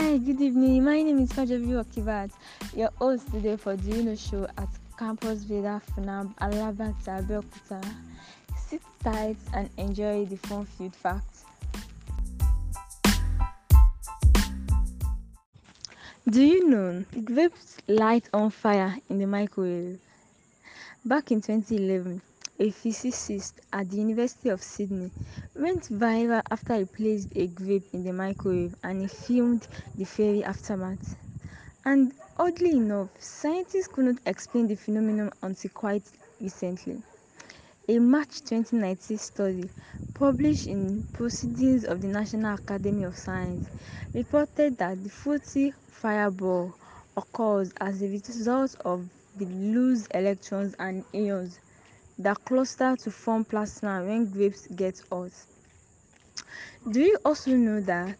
Hi, good evening. My name is Kajavi Okivat, your host today for the UNO show at Campus Veda Funab Alabata Belkuta. Sit tight and enjoy the fun field facts. Do you know it vapes light on fire in the microwave? Back in 2011, a physicist at the University of Sydney, went viral after he placed a grape in the microwave and he filmed the fairy aftermath. And oddly enough, scientists could not explain the phenomenon until quite recently. A March 2019 study published in Proceedings of the National Academy of Science reported that the fruity fireball occurs as a result of the loose electrons and ions that cluster to form plasma when grapes get hot. Do you also know that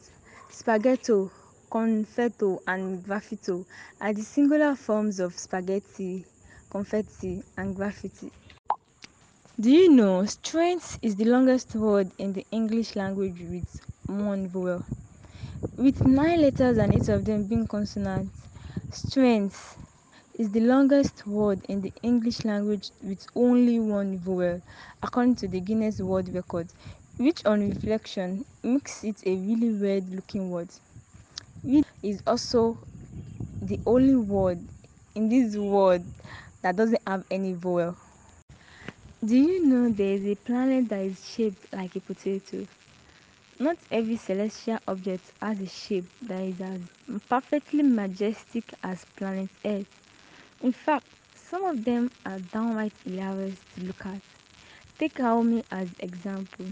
spaghetto, confetto, and graffito are the singular forms of spaghetti, confetti, and graffiti? Do you know strength is the longest word in the English language with one vowel? With nine letters and eight of them being consonants, strength is the longest word in the English language with only one vowel, according to the Guinness World Record, which on reflection makes it a really weird looking word. It is also the only word in this world that doesn't have any vowel. Do you know there is a planet that is shaped like a potato? Not every celestial object has a shape that is as perfectly majestic as planet Earth. In fact, some of them are downright hilarious to look at. Take Haomi as example.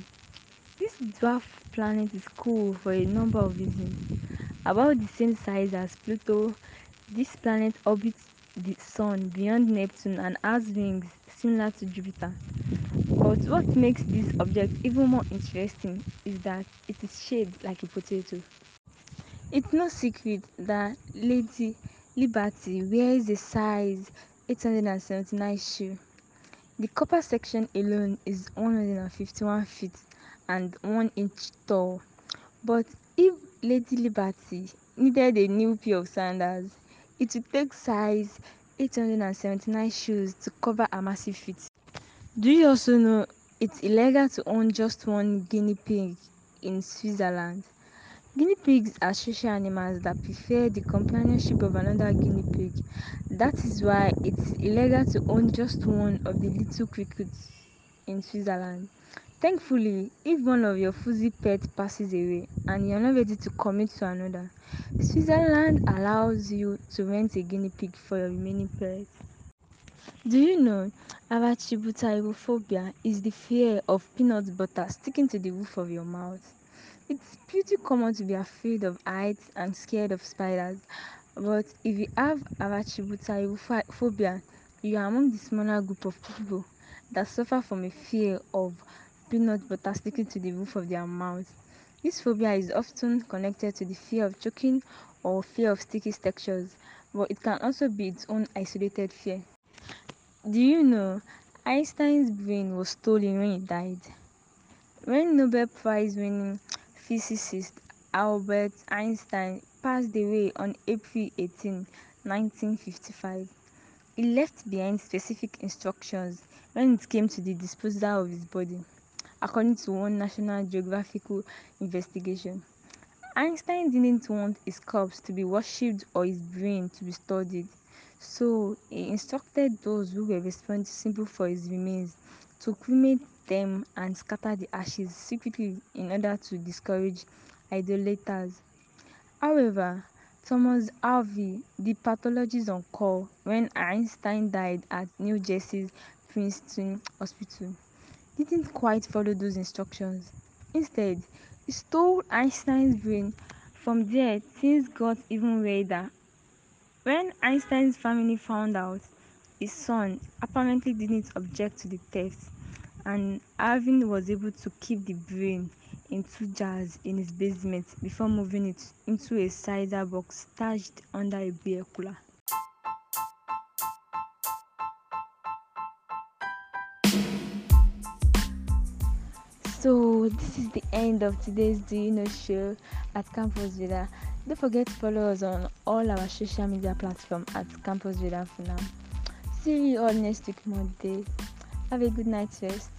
This dwarf planet is cool for a number of reasons. About the same size as Pluto, this planet orbits the Sun beyond Neptune and has rings similar to Jupiter. But what makes this object even more interesting is that it is shaped like a potato. It's no secret that Lady Liberty wears a size 879 shoe. The Copper section alone is 151 feet and 1 inch tall, but if Lady Liberty needed a new pair of sandals, it would take size 879 shoes to cover her massive feet. Do you also know it's illegal to own just one guinea pig in Switzerland? Guinea pigs are social animals that prefer the companionship of another guinea pig. That is why it's illegal to own just one of the little crickets in Switzerland. Thankfully, if one of your fuzzy pets passes away and you're not ready to commit to another, Switzerland allows you to rent a guinea pig for your remaining pet. Do you know avachibutairophobia is the fear of peanut butter sticking to the roof of your mouth? It's pretty common to be afraid of heights and scared of spiders, but if you have arachibutai phobia, you are among the smaller group of people that suffer from a fear of peanut butter sticking to the roof of their mouth. This phobia is often connected to the fear of choking or fear of sticky textures, but it can also be its own isolated fear. Do you know Einstein's brain was stolen when he died? When Nobel Prize winning physicist albert einstein passed away on april 18 1955 he left behind specific instructions when it came to the disposal of his body according to one national geographical investigation einstein didn't want his corpse to be worshipped or his brain to be studied so he instructed those who were responsible for his remains to cremate them and scatter the ashes secretly in order to discourage idolaters. However, Thomas Harvey, the pathologist on call when Einstein died at New Jersey's Princeton Hospital, didn't quite follow those instructions. Instead, he stole Einstein's brain. From there, things got even weirder. When Einstein's family found out, his son apparently didn't object to the theft and Arvin was able to keep the brain in two jars in his basement before moving it into a cider box stashed under a beer cooler. So this is the end of today's Do You Know show at Campus Villa. Don't forget to follow us on all our social media platforms at Campus Villa for now. See you all next week Monday. Have a good night's rest.